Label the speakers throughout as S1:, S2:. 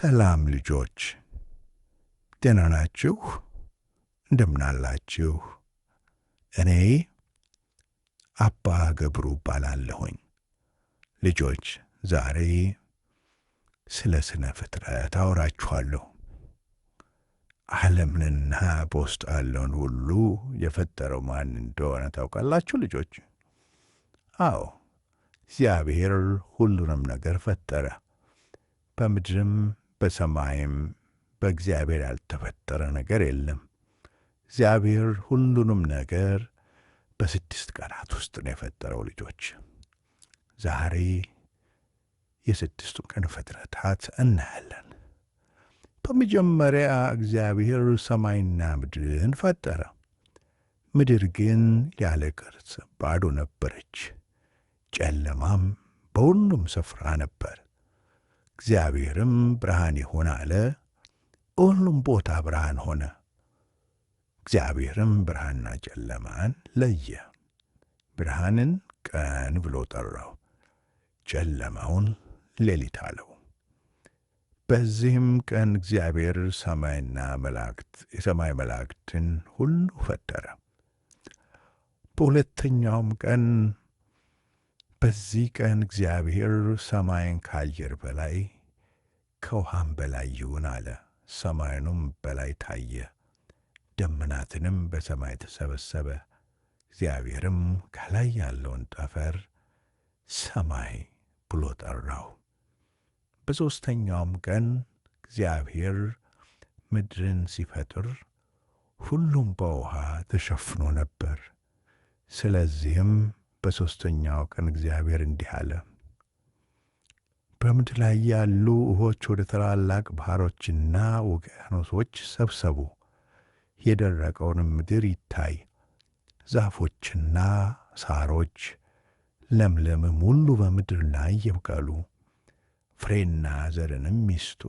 S1: ሰላም ልጆች፣ ደህና ናችሁ? እንደምናላችሁ። እኔ አባ ገብሩ እባላለሁኝ። ልጆች፣ ዛሬ ስለ ስነ ፍጥረት አውራችኋለሁ ዓለምንና በውስጡ ያለውን ሁሉ የፈጠረው ማን እንደሆነ ታውቃላችሁ ልጆች? አዎ፣ እግዚአብሔር ሁሉንም ነገር ፈጠረ በምድርም በሰማይም በእግዚአብሔር ያልተፈጠረ ነገር የለም። እግዚአብሔር ሁሉንም ነገር በስድስት ቀናት ውስጥ ነው የፈጠረው። ልጆች ዛሬ የስድስቱን ቀን ፍጥረታት እናያለን። በመጀመሪያ እግዚአብሔር ሰማይና ምድርን ፈጠረ። ምድር ግን ያለ ቅርጽ ባዶ ነበረች፣ ጨለማም በሁሉም ስፍራ ነበር። እግዚአብሔርም ብርሃን ይሁን አለ፣ በሁሉም ቦታ ብርሃን ሆነ። እግዚአብሔርም ብርሃንና ጨለማን ለየ። ብርሃንን ቀን ብሎ ጠራው፣ ጨለማውን ሌሊት አለው። በዚህም ቀን እግዚአብሔር ሰማይና መላእክት የሰማይ መላእክትን ሁሉ ፈጠረ። በሁለተኛውም ቀን በዚህ ቀን እግዚአብሔር ሰማይን ከአየር በላይ ከውሃም በላይ ይሁን አለ። ሰማዩንም በላይ ታየ፣ ደመናትንም በሰማይ ተሰበሰበ። እግዚአብሔርም ከላይ ያለውን ጠፈር ሰማይ ብሎ ጠራው። በሦስተኛውም ቀን እግዚአብሔር ምድርን ሲፈጥር ሁሉም በውሃ ተሸፍኖ ነበር። ስለዚህም በሦስተኛው ቀን እግዚአብሔር እንዲህ አለ በምድር ላይ ያሉ ውሆች ወደ ታላላቅ ባህሮችና ውቅያኖሶች ሰብሰቡ። የደረቀውንም ምድር ይታይ፣ ዛፎችና ሳሮች ለምለምም ሁሉ በምድር ላይ ይብቀሉ፣ ፍሬና ዘርንም ይስጡ።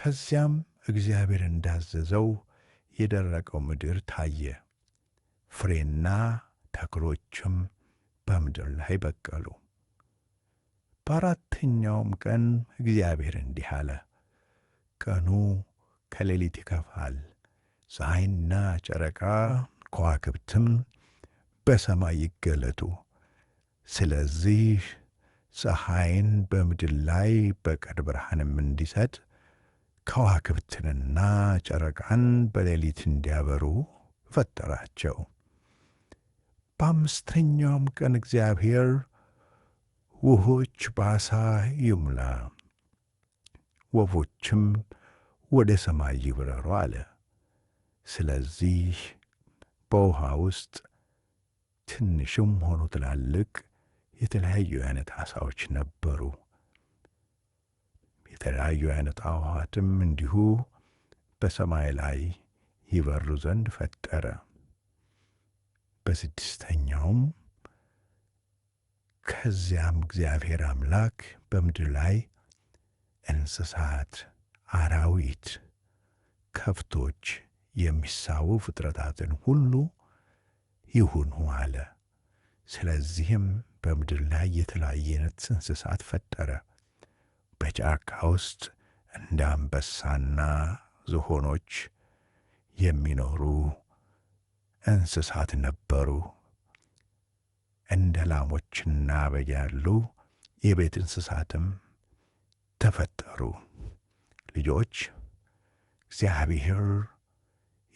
S1: ከዚያም እግዚአብሔር እንዳዘዘው የደረቀው ምድር ታየ፣ ፍሬና ተክሎችም በምድር ላይ በቀሉ። በአራተኛውም ቀን እግዚአብሔር እንዲህ አለ፣ ቀኑ ከሌሊት ይከፋል፣ ፀሐይና ጨረቃ ከዋክብትም በሰማይ ይገለጡ። ስለዚህ ፀሐይን በምድር ላይ በቀን ብርሃንም እንዲሰጥ ከዋክብትንና ጨረቃን በሌሊት እንዲያበሩ ፈጠራቸው። በአምስተኛውም ቀን እግዚአብሔር ውሆች በዓሣ ይሙላ፣ ወፎችም ወደ ሰማይ ይብረሩ አለ። ስለዚህ በውሃ ውስጥ ትንሽም ሆኑ ትላልቅ የተለያዩ አይነት ዓሣዎች ነበሩ። የተለያዩ አይነት አዋዋትም እንዲሁ በሰማይ ላይ ይበሩ ዘንድ ፈጠረ። በስድስተኛውም ከዚያም እግዚአብሔር አምላክ በምድር ላይ እንስሳት፣ አራዊት፣ ከብቶች፣ የሚሳቡ ፍጥረታትን ሁሉ ይሁኑ አለ። ስለዚህም በምድር ላይ የተለያየ አይነት እንስሳት ፈጠረ። በጫካ ውስጥ እንደ አንበሳና ዝሆኖች የሚኖሩ እንስሳት ነበሩ። እንደ ላሞችና በግ ያሉ የቤት እንስሳትም ተፈጠሩ። ልጆች እግዚአብሔር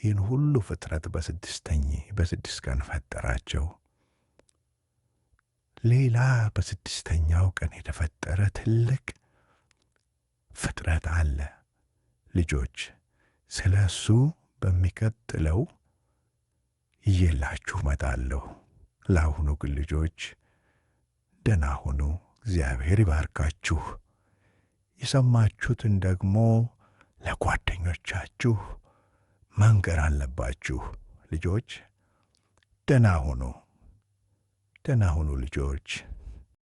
S1: ይህን ሁሉ ፍጥረት በስድስተኝ በስድስት ቀን ፈጠራቸው። ሌላ በስድስተኛው ቀን የተፈጠረ ትልቅ ፍጥረት አለ። ልጆች ስለ እሱ በሚቀጥለው እየላችሁ መጣለሁ። ለአሁኑ ግን ልጆች ደና ሁኑ። እግዚአብሔር ይባርካችሁ። የሰማችሁትን ደግሞ ለጓደኞቻችሁ መንገር አለባችሁ። ልጆች ደና ሁኑ፣ ደና ሁኑ ልጆች።